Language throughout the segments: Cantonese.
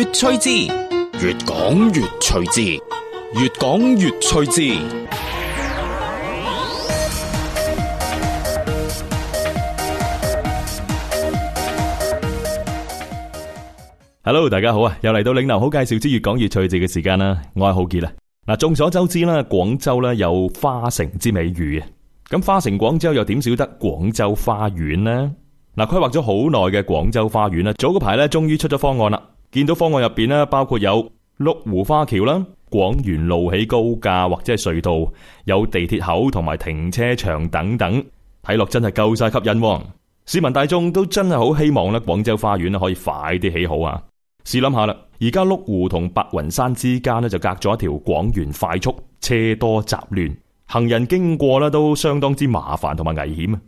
越趣致，越講越趣致，越講越趣致。Hello，大家好啊！又嚟到嶺南好介紹之越講越趣致嘅時間啦！我係浩杰啦。嗱，眾所周知啦，廣州咧有花城之美譽啊。咁花城廣州又點少得廣州花園呢？嗱，規劃咗好耐嘅廣州花園啦，早嗰排咧終於出咗方案啦。見到方案入邊咧，包括有麓湖花橋啦、廣園路起高架或者隧道，有地鐵口同埋停車場等等，睇落真係夠晒吸引。市民大眾都真係好希望咧，廣州花園可以快啲起好啊！試諗下啦，而家麓湖同白雲山之間咧就隔咗一條廣園快速，車多雜亂，行人經過咧都相當之麻煩同埋危險。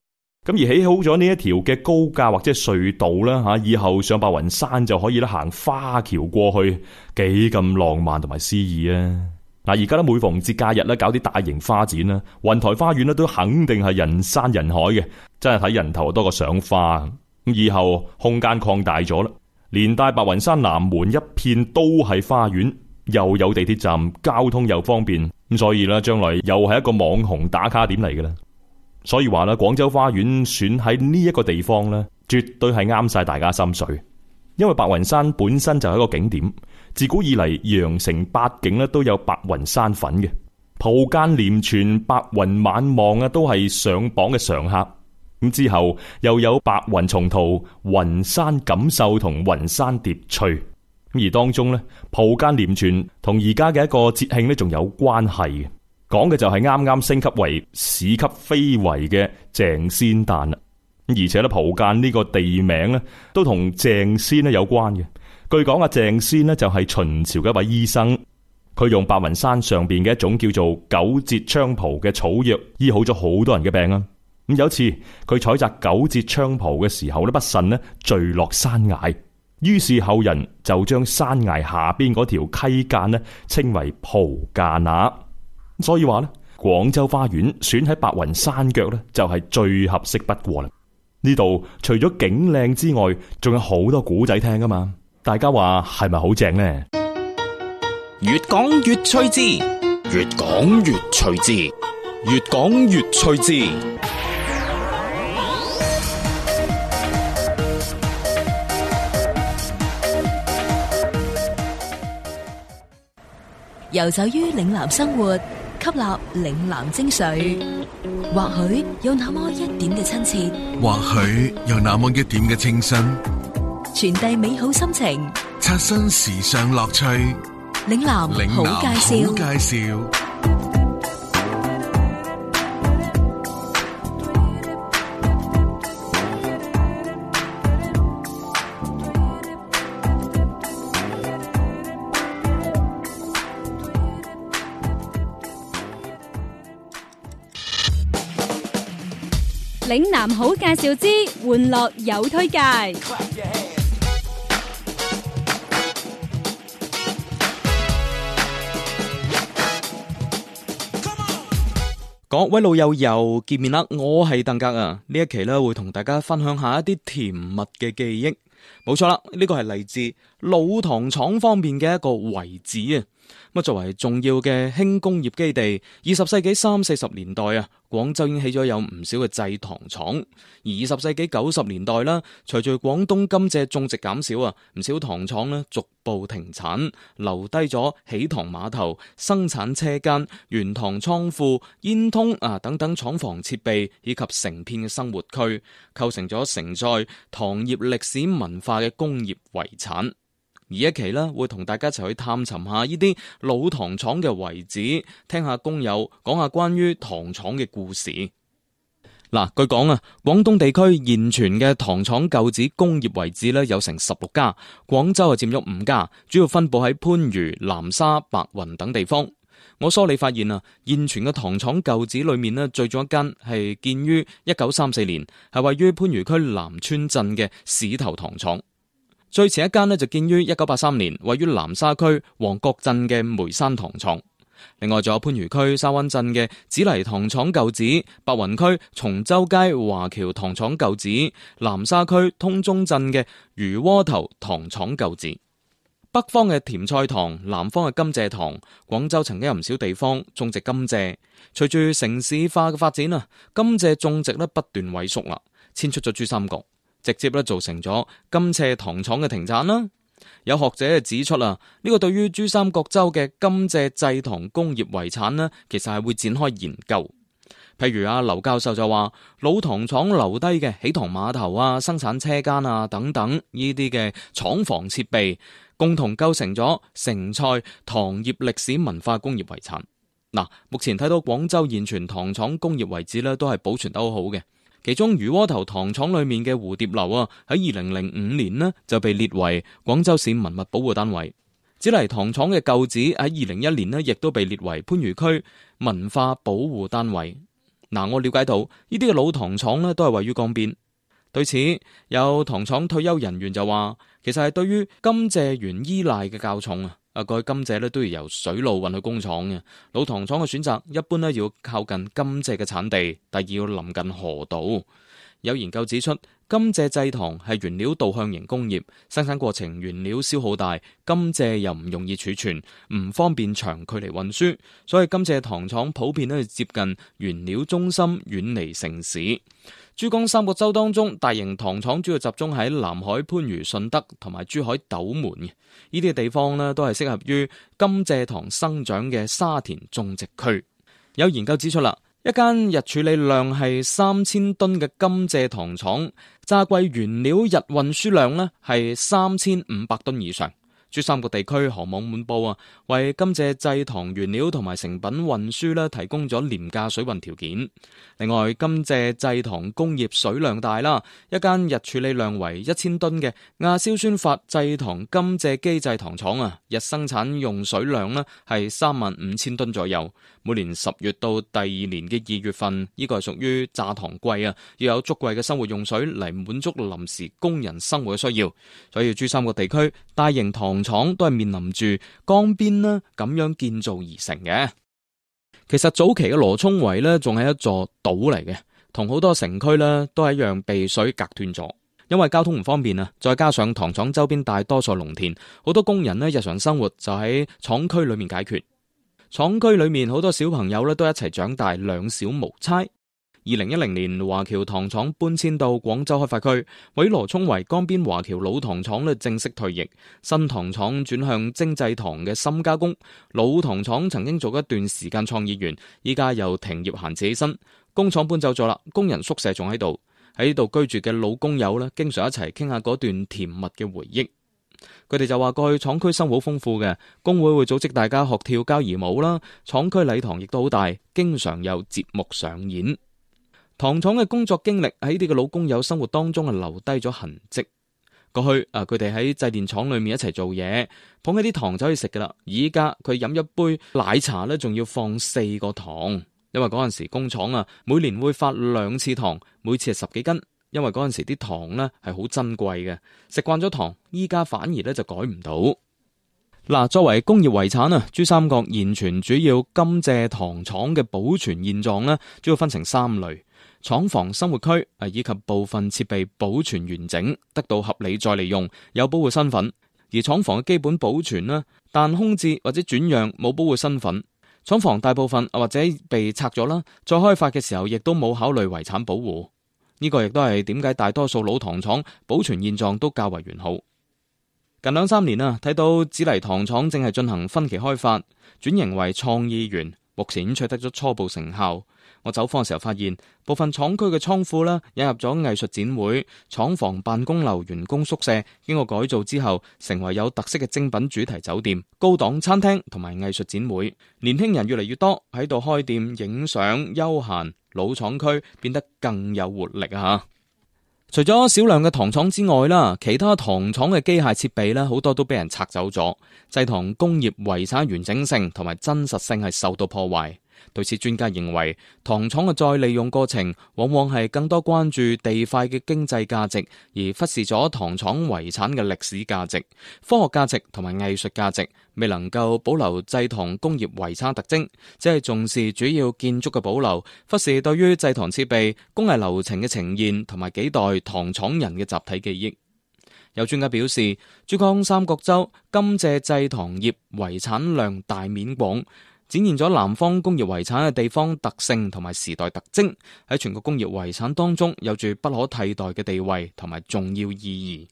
咁而起好咗呢一條嘅高架或者隧道啦，吓以後上白雲山就可以咧行花橋過去，幾咁浪漫同埋詩意啊！嗱，而家咧每逢節假日咧搞啲大型花展啦，雲台花園咧都肯定係人山人海嘅，真係睇人頭多過賞花。咁以後空間擴大咗啦，連帶白雲山南門一片都係花園，又有地鐵站，交通又方便，咁所以咧將來又係一個網紅打卡點嚟嘅啦。所以話咧，廣州花園選喺呢一個地方咧，絕對係啱晒大家心水。因為白雲山本身就係一個景點，自古以嚟羊城八景咧都有白雲山粉嘅，蒲澗濂泉、白雲晚望啊，都係上榜嘅常客。咁之後又有白雲松濤、雲山錦繡同雲山疊翠。而當中呢蒲澗濂泉同而家嘅一個節慶咧，仲有關係嘅。講嘅就係啱啱升級為市級非遺嘅鄭仙誕，而且咧蒲澗呢個地名咧都同鄭仙咧有關嘅。據講阿鄭仙呢就係秦朝嘅一位醫生，佢用白雲山上邊嘅一種叫做九節菖蒲嘅草藥醫好咗好多人嘅病啊。咁有一次佢採摘九節菖蒲嘅時候呢，不慎呢墜落山崖，於是後人就將山崖下邊嗰條溪澗呢稱為蒲澗那。所以話呢，廣州花園選喺白雲山腳呢，就係最合適不過啦。呢度除咗景靚之外，仲有好多古仔聽噶嘛。大家話係咪好正呢？越講越趣致，越講越趣致，越講越趣致。游走於嶺南生活，吸納嶺南精髓，或許有那麼一點嘅親切，或許有那麼一點嘅清新，傳遞美好心情，刷新時尚樂趣。嶺南，好介紹，好介紹。嶺南好介紹之，玩樂有推介。各位老友又見面啦，我係鄧格啊。呢一期呢，會同大家分享一下一啲甜蜜嘅記憶。冇錯啦，呢個係嚟自老糖廠方面嘅一個遺址啊。咁啊，作為重要嘅輕工業基地，二十世紀三四十年代啊。廣州已經起咗有唔少嘅製糖廠，而二十世紀九十年代啦，隨住廣東甘蔗種植減少啊，唔少糖廠咧逐步停產，留低咗起蔗碼頭、生產車間、原糖倉庫、煙囪啊等等廠房設備以及成片嘅生活區，構成咗承載糖業歷史文化嘅工業遺產。而一期呢，會同大家一齊去探尋下呢啲老糖廠嘅遺址，聽下工友講下關於糖廠嘅故事。嗱，據講啊，廣東地區現存嘅糖廠舊址工業遺址呢，有成十六家，廣州啊佔咗五家，主要分布喺番禺、南沙、白雲等地方。我梳理發現啊，現存嘅糖廠舊址裏面呢，最早一間係建於一九三四年，係位於番禺區南村鎮嘅市頭糖廠。最遲一間咧就建於一九八三年，位於南沙區黃閣鎮嘅梅山糖廠；另外仲有番禺區沙灣鎮嘅紫泥糖廠舊址、白雲區松洲街華僑糖廠舊址、南沙區通中鎮嘅魚窩頭糖廠舊址。北方嘅甜菜糖，南方嘅甘蔗糖，廣州曾經有唔少地方種植甘蔗。隨住城市化嘅發展啊，甘蔗種植咧不斷萎縮啦，遷出咗珠三角。直接咧造成咗甘蔗糖廠嘅停產啦。有學者指出啦，呢、這個對於珠三角洲嘅甘蔗製糖工業遺產呢，其實係會展開研究。譬如阿、啊、劉教授就話，老糖廠留低嘅起糖碼頭啊、生產車間啊等等呢啲嘅廠房設備，共同構成咗成菜糖業歷史文化工業遺產。嗱、啊，目前睇到廣州現存糖廠工業遺址咧，都係保存得好好嘅。其中魚窩頭糖廠裏面嘅蝴蝶樓啊，喺二零零五年呢就被列為廣州市文物保護單位。紫泥糖廠嘅舊址喺二零一年呢，亦都被列為番禺區文化保護單位。嗱、啊，我了解到呢啲嘅老糖廠咧，都係位於江邊。對此，有糖廠退休人員就話，其實係對於甘蔗園依賴嘅較重啊。啊，過去甘蔗咧都要由水路運去工廠嘅。老糖廠嘅選擇一般咧要靠近甘蔗嘅產地，第二要臨近河道。有研究指出，甘蔗製糖係原料導向型工業，生產過程原料消耗大，甘蔗又唔容易儲存，唔方便長距離運輸，所以甘蔗糖廠普遍都咧接近原料中心，遠離城市。珠江三角洲當中，大型糖廠主要集中喺南海、番禺、順德同埋珠海、斗門呢啲地方咧，都係適合於甘蔗糖生長嘅沙田種植區，有研究指出啦，一間日處理量係三千噸嘅甘蔗糖廠，榨季原料日運輸量咧係三千五百噸以上。珠三角地區河網滿布啊，為甘蔗製糖原料同埋成品運輸咧提供咗廉價水運條件。另外，甘蔗製糖工業水量大啦，一間日處理量為一千噸嘅亞硝酸法製糖甘蔗機製糖廠啊，日生產用水量呢係三萬五千噸左右。每年十月到第二年嘅二月份，依、呢個係屬於榨糖季啊，要有足夠嘅生活用水嚟滿足臨時工人生活嘅需要。所以珠三角地區大型糖廠都係面臨住江邊啦，咁樣建造而成嘅。其實早期嘅羅沖圍呢，仲係一座島嚟嘅，同好多城區呢，都係一樣被水隔斷咗。因為交通唔方便啊，再加上糖廠周邊大多數農田，好多工人呢日常生活就喺廠區裏面解決。廠區裏面好多小朋友咧都一齊長大，兩小無猜。二零一零年，華僑糖廠搬遷到廣州開發區，位羅沖圍江邊。華僑老糖廠呢正式退役，新糖廠轉向精製糖嘅深加工。老糖廠曾經做一段時間創業園，依家又停業閒置起身。工廠搬走咗啦，工人宿舍仲喺度，喺度居住嘅老工友呢經常一齊傾下嗰段甜蜜嘅回憶。佢哋就話過去廠區生活豐富嘅工會會組織大家學跳交誼舞啦。廠區禮堂亦都好大，經常有節目上演。糖廠嘅工作經歷喺呢啲嘅老工友生活當中啊，留低咗痕跡。過去啊，佢哋喺製糖廠裏面一齊做嘢，捧起啲糖就可以食噶啦。依家佢飲一杯奶茶咧，仲要放四個糖，因為嗰陣時工廠啊，每年會發兩次糖，每次係十幾斤，因為嗰陣時啲糖咧係好珍貴嘅。食慣咗糖，依家反而咧就改唔到。嗱、啊，作為工業遺產啊，珠三角現存主要甘蔗糖廠嘅保存現狀呢，主要分成三類。廠房生活區啊，以及部分設備保存完整，得到合理再利用，有保護身份；而廠房嘅基本保存呢，但空置或者轉讓冇保護身份。廠房大部分或者被拆咗啦，再開發嘅時候亦都冇考慮遺產保護。呢個亦都係點解大多數老糖廠保存現狀都較為完好。近兩三年啊，睇到紫泥糖廠正係進行分期開發，轉型為創意園，目前取得咗初步成效。我走訪嘅時候，發現部分廠區嘅倉庫呢，引入咗藝術展會、廠房、辦公樓、員工宿舍，經過改造之後，成為有特色嘅精品主題酒店、高檔餐廳同埋藝術展會。年輕人越嚟越多喺度開店、影相、休閒，老廠區變得更有活力吓！除咗少量嘅糖廠之外啦，其他糖廠嘅機械設備呢，好多都俾人拆走咗，製糖工業遺產完整性同埋真實性係受到破壞。對此，專家認為糖廠嘅再利用過程，往往係更多關注地塊嘅經濟價值，而忽視咗糖廠遺產嘅歷史價值、科學價值同埋藝術價值，未能夠保留製糖工業遺產特徵，只係重視主要建築嘅保留，忽視對於製糖設備、工藝流程嘅呈現同埋幾代糖廠人嘅集體記憶。有專家表示，珠江三角洲甘蔗製糖業遺產量大面廣。展現咗南方工業遺產嘅地方特性同埋時代特徵，喺全國工業遺產當中有住不可替代嘅地位同埋重要意義。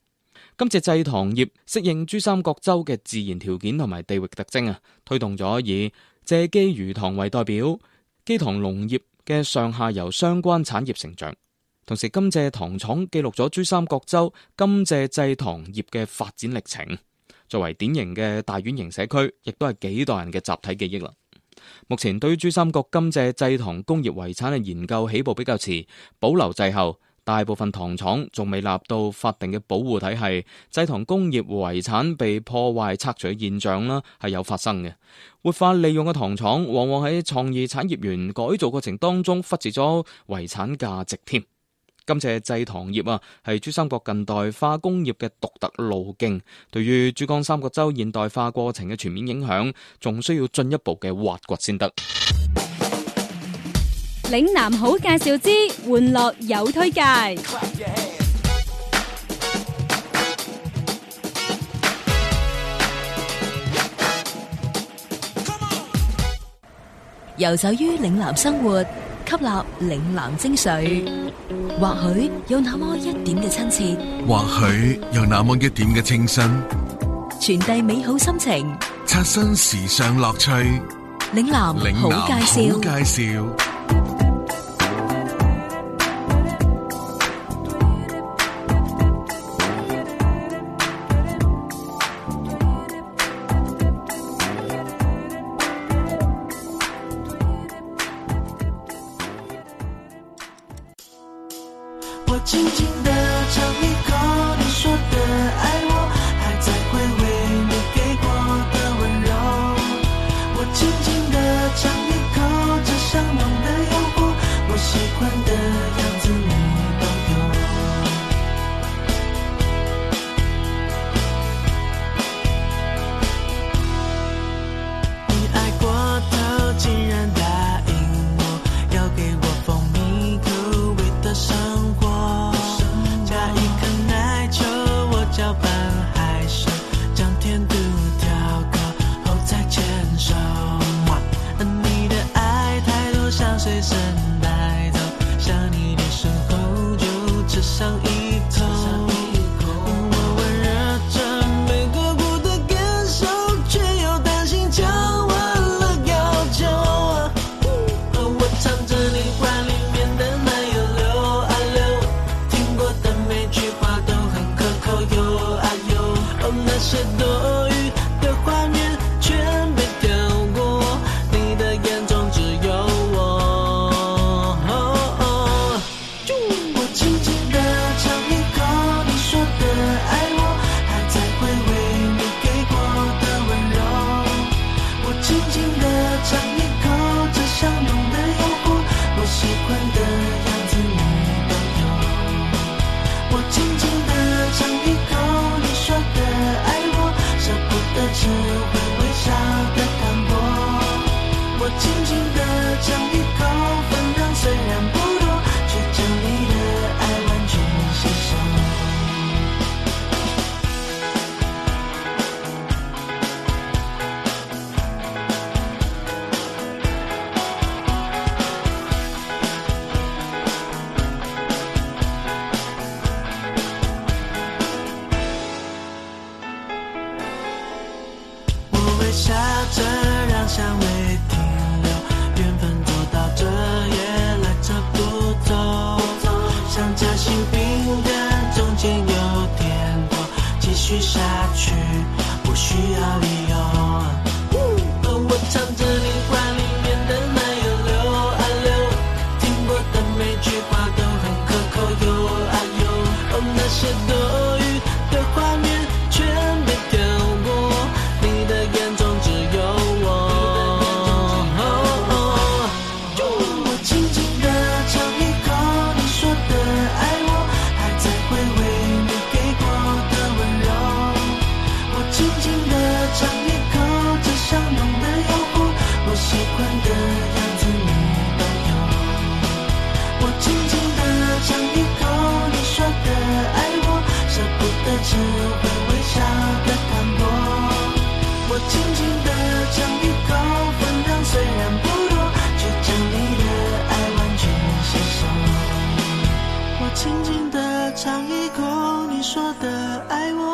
甘蔗製糖業適應珠三角洲嘅自然條件同埋地域特徵啊，推動咗以蔗基魚塘為代表基塘農業嘅上下游相關產業成長。同時，甘蔗糖廠記錄咗珠三角洲甘蔗製糖業嘅發展歷程，作為典型嘅大院型社區，亦都係幾代人嘅集體記憶啦。目前對於珠三角甘蔗製糖工業遺產嘅研究起步比較遲，保留滯後，大部分糖廠仲未納到法定嘅保護體系，製糖工業遺產被破壞拆除嘅現象啦，係有發生嘅。活化利用嘅糖廠，往往喺創意產業園改造過程當中忽視咗遺產價值添。今次嘅製糖業啊，係珠三角近代化工業嘅獨特路徑，對於珠江三角洲現代化過程嘅全面影響，仲需要進一步嘅挖掘先得。嶺南好介紹之，玩樂有推介。遊走於嶺南生活。吸納嶺南精髓，或許有那麼一點嘅親切，或許有那麼一點嘅清新，傳遞美好心情，刷新時尚樂趣。嶺南好介紹，嶺南好介紹。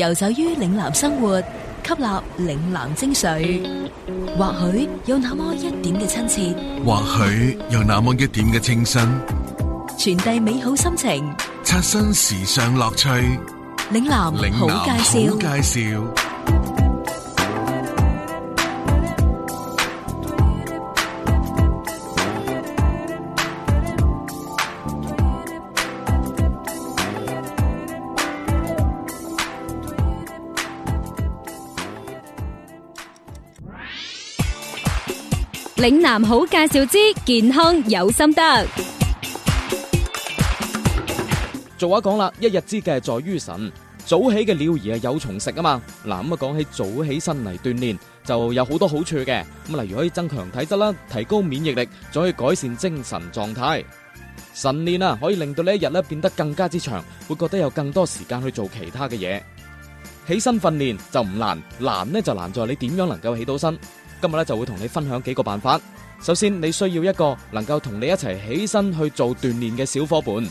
遊走於嶺南生活，吸納嶺南精髓，或許有那麼一點嘅親切，或許有那麼一點嘅清新，傳遞美好心情，刷新時尚樂趣。嶺南好介紹。嶺南好介紹之健康有心得。俗話講啦，一日之計在於晨。早起嘅鳥兒啊，有蟲食啊嘛。嗱，咁啊講起早起身嚟鍛煉，就有好多好處嘅。咁，啊，例如可以增強體質啦，提高免疫力，再可以改善精神狀態。晨練啊，可以令到呢一日咧變得更加之長，會覺得有更多時間去做其他嘅嘢。起身訓練就唔難，難呢就難在你點樣能夠起到身。今日咧就會同你分享幾個辦法。首先，你需要一個能夠同你一齊起身去做鍛煉嘅小伙伴。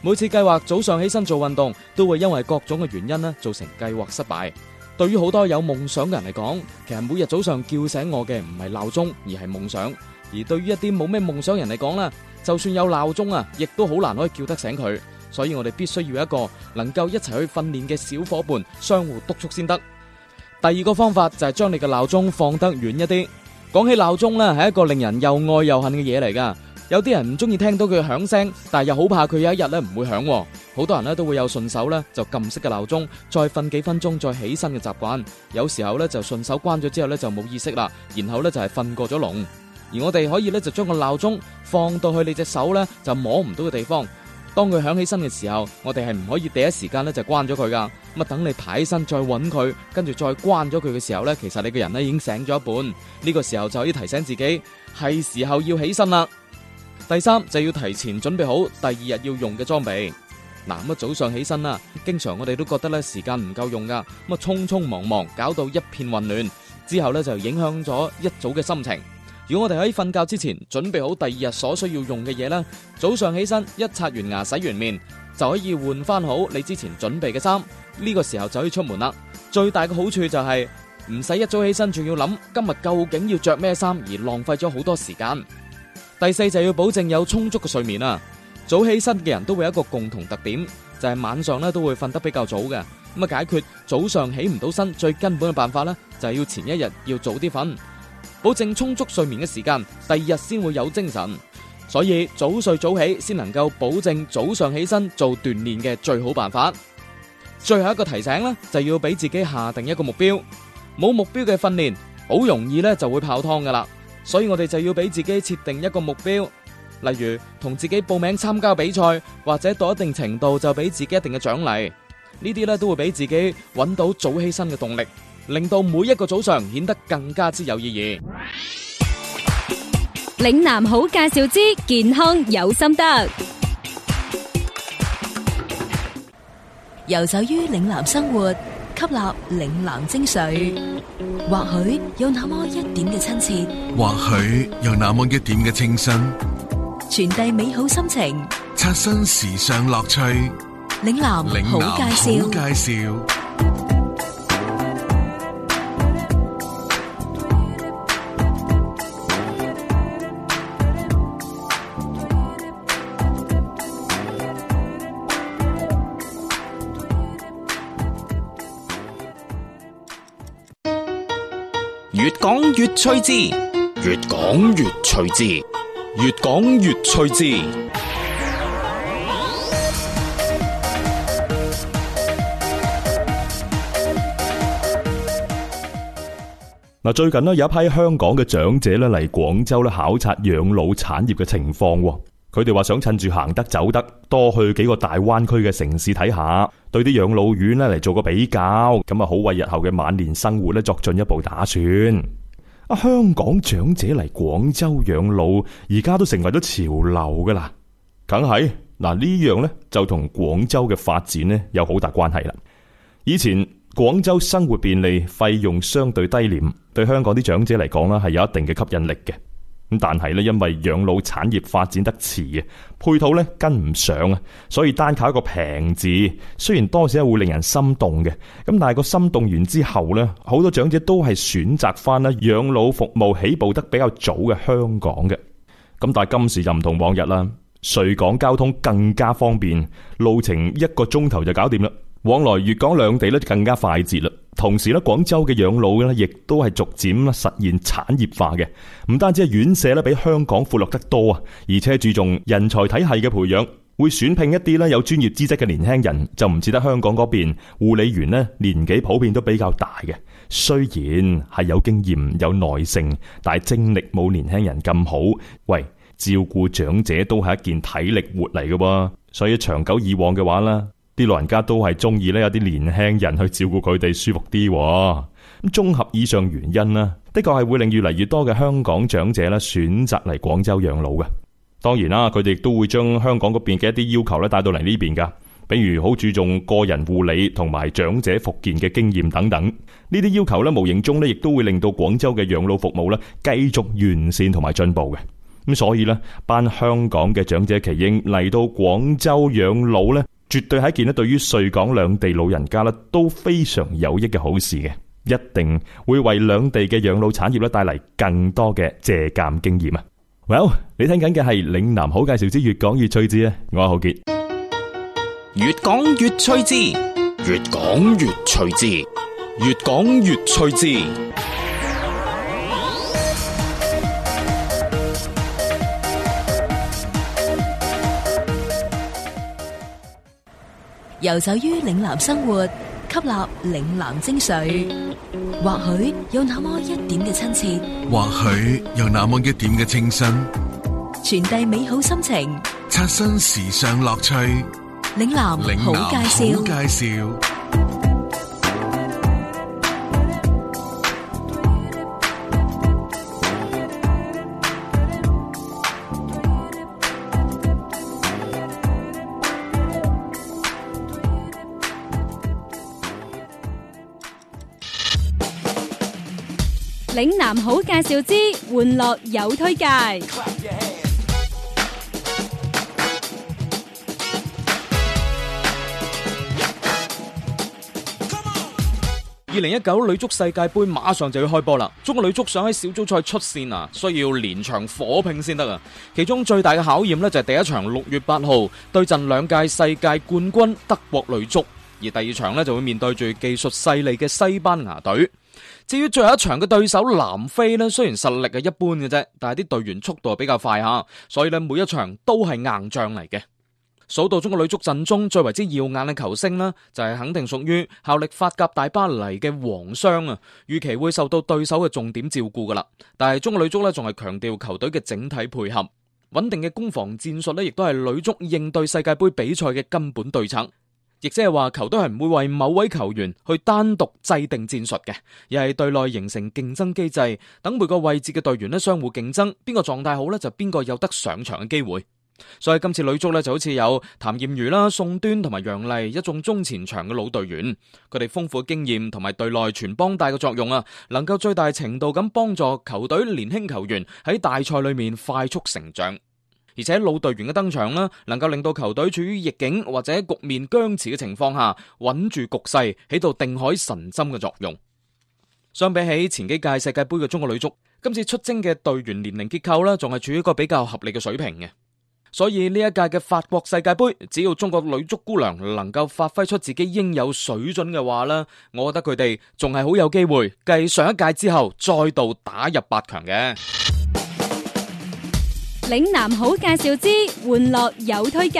每次計劃早上起身做運動，都會因為各種嘅原因呢，造成計劃失敗。對於好多有夢想嘅人嚟講，其實每日早上叫醒我嘅唔係鬧鐘，而係夢想。而對於一啲冇咩夢想人嚟講呢，就算有鬧鐘啊，亦都好難可以叫得醒佢。所以我哋必須要一個能夠一齊去訓練嘅小伙伴，相互督促先得。第二個方法就係將你嘅鬧鐘放得遠一啲。講起鬧鐘呢，係一個令人又愛又恨嘅嘢嚟噶。有啲人唔中意聽到佢響聲，但係又好怕佢有一日呢唔會響。好多人呢都會有順手呢就撳熄嘅鬧鐘，再瞓幾分鐘再起身嘅習慣。有時候呢就順手關咗之後呢就冇意識啦，然後呢就係、是、瞓過咗籠。而我哋可以呢就將個鬧鐘放到去你隻手呢就摸唔到嘅地方。當佢響起身嘅時候，我哋係唔可以第一時間咧就關咗佢噶咁啊等你爬起身再揾佢，跟住再關咗佢嘅時候呢，其實你個人咧已經醒咗一半。呢個時候就可以提醒自己係時候要起身啦。第三就要提前準備好第二日要用嘅裝備。嗱，咁早上起身啦，經常我哋都覺得咧時間唔夠用噶，咁啊匆匆忙忙搞到一片混亂，之後呢就影響咗一早嘅心情。如果我哋喺瞓覺之前準備好第二日所需要用嘅嘢啦。早上起身一刷完牙，洗完面就可以換翻好你之前準備嘅衫。呢個時候就可以出門啦。最大嘅好處就係唔使一早起身仲要諗今日究竟要着咩衫而浪費咗好多時間。第四就要保證有充足嘅睡眠啦。早起身嘅人都會有一個共同特點，就係晚上咧都會瞓得比較早嘅。咁啊，解決早上起唔到身最根本嘅辦法咧，就係要前一日要早啲瞓。保證充足睡眠嘅時間，第二日先會有精神，所以早睡早起先能夠保證早上起身做鍛煉嘅最好辦法。最後一個提醒呢，就要俾自己下定一個目標，冇目標嘅訓練好容易呢就會泡湯噶啦，所以我哋就要俾自己設定一個目標，例如同自己報名參加比賽，或者到一定程度就俾自己一定嘅獎勵，呢啲呢都會俾自己揾到早起身嘅動力，令到每一個早上顯得更加之有意義。嶺南好介紹之健康有心得，游走於嶺南生活，吸納嶺南精髓。或許有那麼一點嘅親切，或許有那麼一點嘅清新，傳遞美好心情，刷新時尚樂趣。嶺南好介紹，好介紹。越講越趣致，越講越趣致，越講越趣致。嗱，最近咧有一批香港嘅長者咧嚟廣州咧考察養老產業嘅情況。佢哋話想趁住行得走得多去幾個大灣區嘅城市睇下，對啲養老院呢嚟，做個比較，咁啊好為日後嘅晚年生活呢作進一步打算。啊，香港長者嚟廣州養老，而家都成為咗潮流噶啦，梗係嗱呢樣呢，就同廣州嘅發展呢有好大關係啦。以前廣州生活便利，費用相對低廉，對香港啲長者嚟講呢係有一定嘅吸引力嘅。咁但係咧，因為養老產業發展得遲啊，配套咧跟唔上啊，所以單靠一個平字，雖然多少會令人心動嘅，咁但係個心動完之後咧，好多長者都係選擇翻咧養老服務起步得比較早嘅香港嘅。咁但係今時就唔同往日啦，穗港交通更加方便，路程一個鐘頭就搞掂啦，往來粵港兩地咧更加快捷啦。同時咧，廣州嘅養老咧，亦都係逐漸啦實現產業化嘅。唔單止係院舍咧比香港闊落得多啊，而且注重人才體系嘅培養，會選聘一啲咧有專業資質嘅年輕人，就唔似得香港嗰邊護理員咧年紀普遍都比較大嘅。雖然係有經驗有耐性，但係精力冇年輕人咁好。喂，照顧長者都係一件體力活嚟嘅噃，所以長久以往嘅話啦。啲老人家都係中意咧，有啲年輕人去照顧佢哋，舒服啲。咁綜合以上原因啦，的確係會令越嚟越多嘅香港長者咧選擇嚟廣州養老嘅。當然啦，佢哋亦都會將香港嗰邊嘅一啲要求咧帶到嚟呢邊噶，比如好注重個人護理同埋長者復健嘅經驗等等。呢啲要求咧無形中咧亦都會令到廣州嘅養老服務咧繼續完善同埋進步嘅。咁所以咧，班香港嘅長者奇英嚟到廣州養老咧絕對係一件咧，對於穗港兩地老人家咧都非常有益嘅好事嘅，一定會為兩地嘅養老產業咧帶嚟更多嘅借鑒經驗啊！Well，你聽緊嘅係嶺南好介紹之越講越趣之啊，我係浩杰，越講越趣之，越講越趣之，越講越趣之。游走於嶺南生活，吸納嶺南精髓，或許有那麼一點嘅親切，或許有那麼一點嘅清新，傳遞美好心情，刷新時尚樂趣。嶺南好介紹，好介紹。嶺南好介紹之，玩樂有推介。二零一九女足世界杯馬上就要開波啦！中國女足想喺小組賽出線啊，需要連場火拼先得啊！其中最大嘅考驗呢就係第一場六月八號對陣兩屆世界冠軍德國女足，而第二場呢就會面對住技術細膩嘅西班牙隊。至於最後一場嘅對手南非咧，雖然實力係一般嘅啫，但係啲隊員速度係比較快吓，所以咧每一場都係硬仗嚟嘅。數到中國女足陣中最為之耀眼嘅球星呢，就係、是、肯定屬於效力法甲大巴黎嘅王霜啊，預期會受到對手嘅重點照顧噶啦。但係中國女足呢，仲係強調球隊嘅整體配合，穩定嘅攻防戰術呢亦都係女足應對世界杯比賽嘅根本對策。亦即係話，球隊係唔會為某位球員去單獨制定戰術嘅，而係隊內形成競爭機制，等每個位置嘅隊員呢相互競爭，邊個狀態好呢？就邊個有得上場嘅機會。所以今次女足呢，就好似有譚艷如啦、宋端同埋楊麗一眾中前場嘅老隊員，佢哋豐富經驗同埋隊內傳幫帶嘅作用啊，能夠最大程度咁幫助球隊年輕球員喺大賽裏面快速成長。而且老隊員嘅登場啦，能夠令到球隊處於逆境或者局面僵持嘅情況下，穩住局勢，起到定海神針嘅作用。相比起前幾屆世界盃嘅中國女足，今次出征嘅隊員年齡結構啦，仲係處於一個比較合理嘅水平嘅。所以呢一屆嘅法國世界盃，只要中國女足姑娘能夠發揮出自己應有水準嘅話啦，我覺得佢哋仲係好有機會繼上一屆之後，再度打入八強嘅。嶺南好介紹之，玩樂有推介。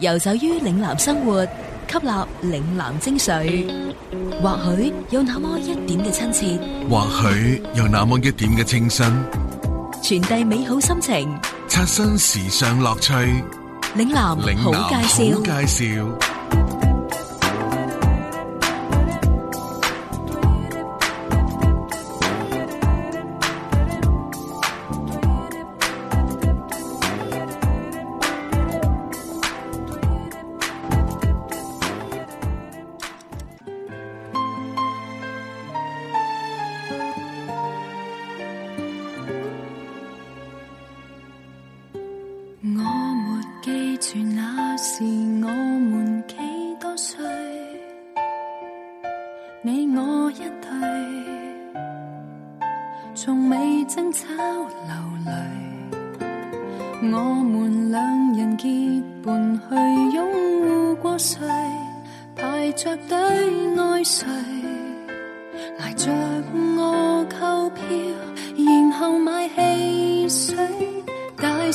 遊走於嶺南生活，吸納嶺南精髓，或許有那麼一點嘅親切，或許有那麼一點嘅清新，傳遞美好心情，刷新時尚樂趣。嶺南好介紹，好介紹。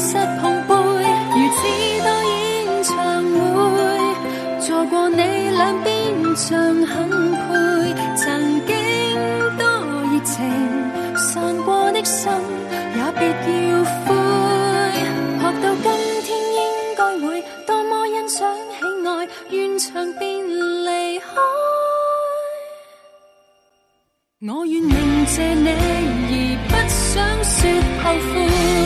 實碰杯，如此多演唱會，坐過你兩邊像很配，曾經多熱情，散過的心也別要悔。學到今天應該會多麽欣賞喜愛，完場便離開。我願鳴謝你，而不想說後悔。